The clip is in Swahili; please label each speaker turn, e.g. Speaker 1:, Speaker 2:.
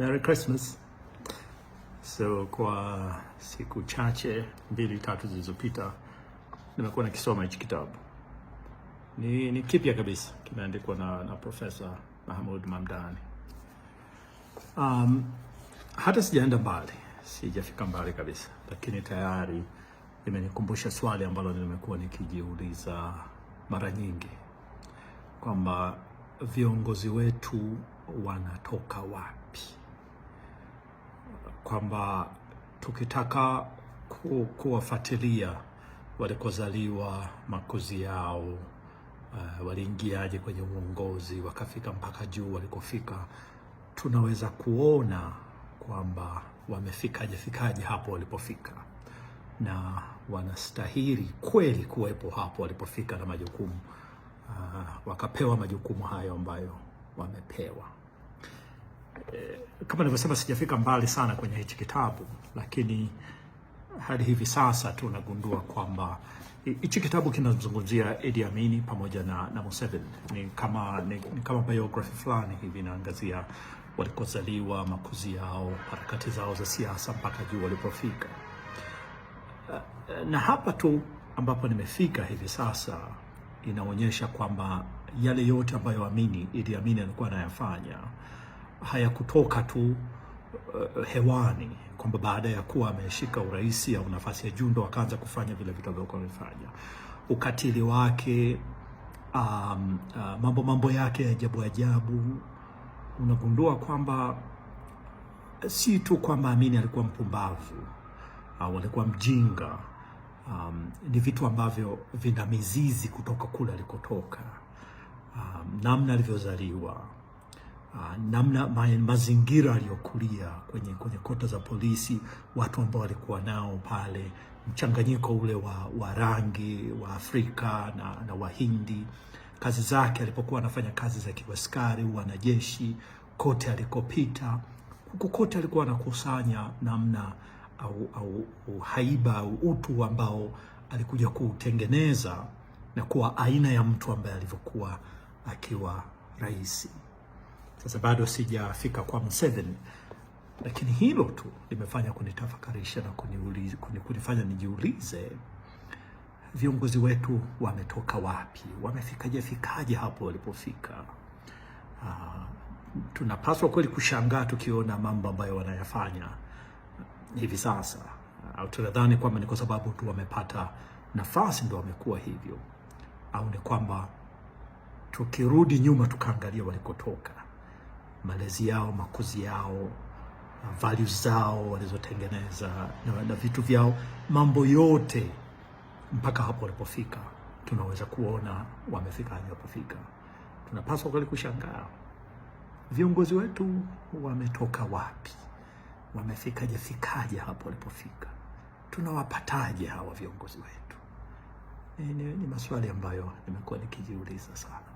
Speaker 1: Merry Christmas. So kwa siku chache mbili tatu zilizopita nimekuwa nikisoma hichi kitabu. Ni, ni kipya kabisa kimeandikwa na, na Profesa Mahmud Mamdani. Um, hata sijaenda mbali, sijafika mbali kabisa, lakini tayari imenikumbusha swali ambalo nimekuwa nikijiuliza mara nyingi kwamba viongozi wetu wanatoka wapi? kwamba tukitaka ku, kuwafuatilia walikozaliwa, makuzi yao, uh, waliingiaje kwenye uongozi wakafika mpaka juu walikofika, tunaweza kuona kwamba wamefikaje fikaje hapo walipofika, na wanastahili kweli kuwepo hapo walipofika na majukumu uh, wakapewa majukumu hayo ambayo wamepewa eh, kama nilivyosema sijafika mbali sana kwenye hichi kitabu, lakini hadi hivi sasa tunagundua kwamba hichi kitabu kinazungumzia Idi Amin pamoja na, na Museveni ni kama, ni, ni kama biography fulani hivi inaangazia walikozaliwa, makuzi yao, harakati zao za siasa mpaka juu walipofika, eh, na hapa tu ambapo nimefika hivi sasa inaonyesha kwamba yale yote ambayo Amini Idi Amin alikuwa anayafanya hayakutoka tu uh, hewani kwamba baada ya kuwa ameshika urais au nafasi ya juu ndo akaanza kufanya vile vitu alivyokuwa amefanya. Ukatili wake um, uh, mambo mambo yake ya ajabu ajabu, unagundua kwamba eh, si tu kwamba amini alikuwa mpumbavu au alikuwa mjinga. Um, ni vitu ambavyo vina mizizi kutoka kule alikotoka, um, namna alivyozaliwa uh, namna mazingira aliyokulia kwenye, kwenye kota za polisi, watu ambao walikuwa nao pale, mchanganyiko ule wa, wa rangi wa Afrika na, na Wahindi, kazi zake alipokuwa anafanya kazi za kiaskari, wanajeshi, kote alikopita huko kote alikuwa anakusanya namna au, au, au haiba au utu ambao alikuja kuutengeneza na kuwa aina ya mtu ambaye alivyokuwa akiwa rais. Sasa bado sijafika kwa Museveni, lakini hilo tu limefanya kunitafakarisha na kuniulize, kunifanya nijiulize viongozi wetu wametoka wapi, wamefikaje fikaje hapo walipofika. Uh, tunapaswa kweli kushangaa tukiona mambo ambayo wanayafanya hivi sasa, au tunadhani kwamba ni kwa sababu tu wamepata nafasi ndio wamekuwa hivyo, au ni kwamba tukirudi nyuma tukaangalia walikotoka malezi yao, makuzi yao, values zao walizotengeneza na, na vitu vyao, mambo yote mpaka hapo walipofika, tunaweza kuona wamefika walipofika. Tunapaswa kweli kushangaa viongozi wetu wametoka wapi, wamefikaje fikaje hapo walipofika, tunawapataje hawa viongozi wetu? Ni, ni, ni maswali ambayo nimekuwa nikijiuliza sana.